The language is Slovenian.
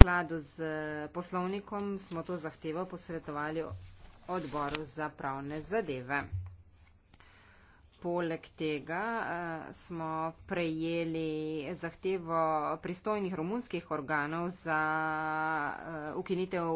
skladu z eh, poslovnikom smo to zahtevo posvetovali odboru za pravne zadeve. Poleg tega eh, smo prejeli zahtevo pristojnih romunskih organov za eh, ukinitev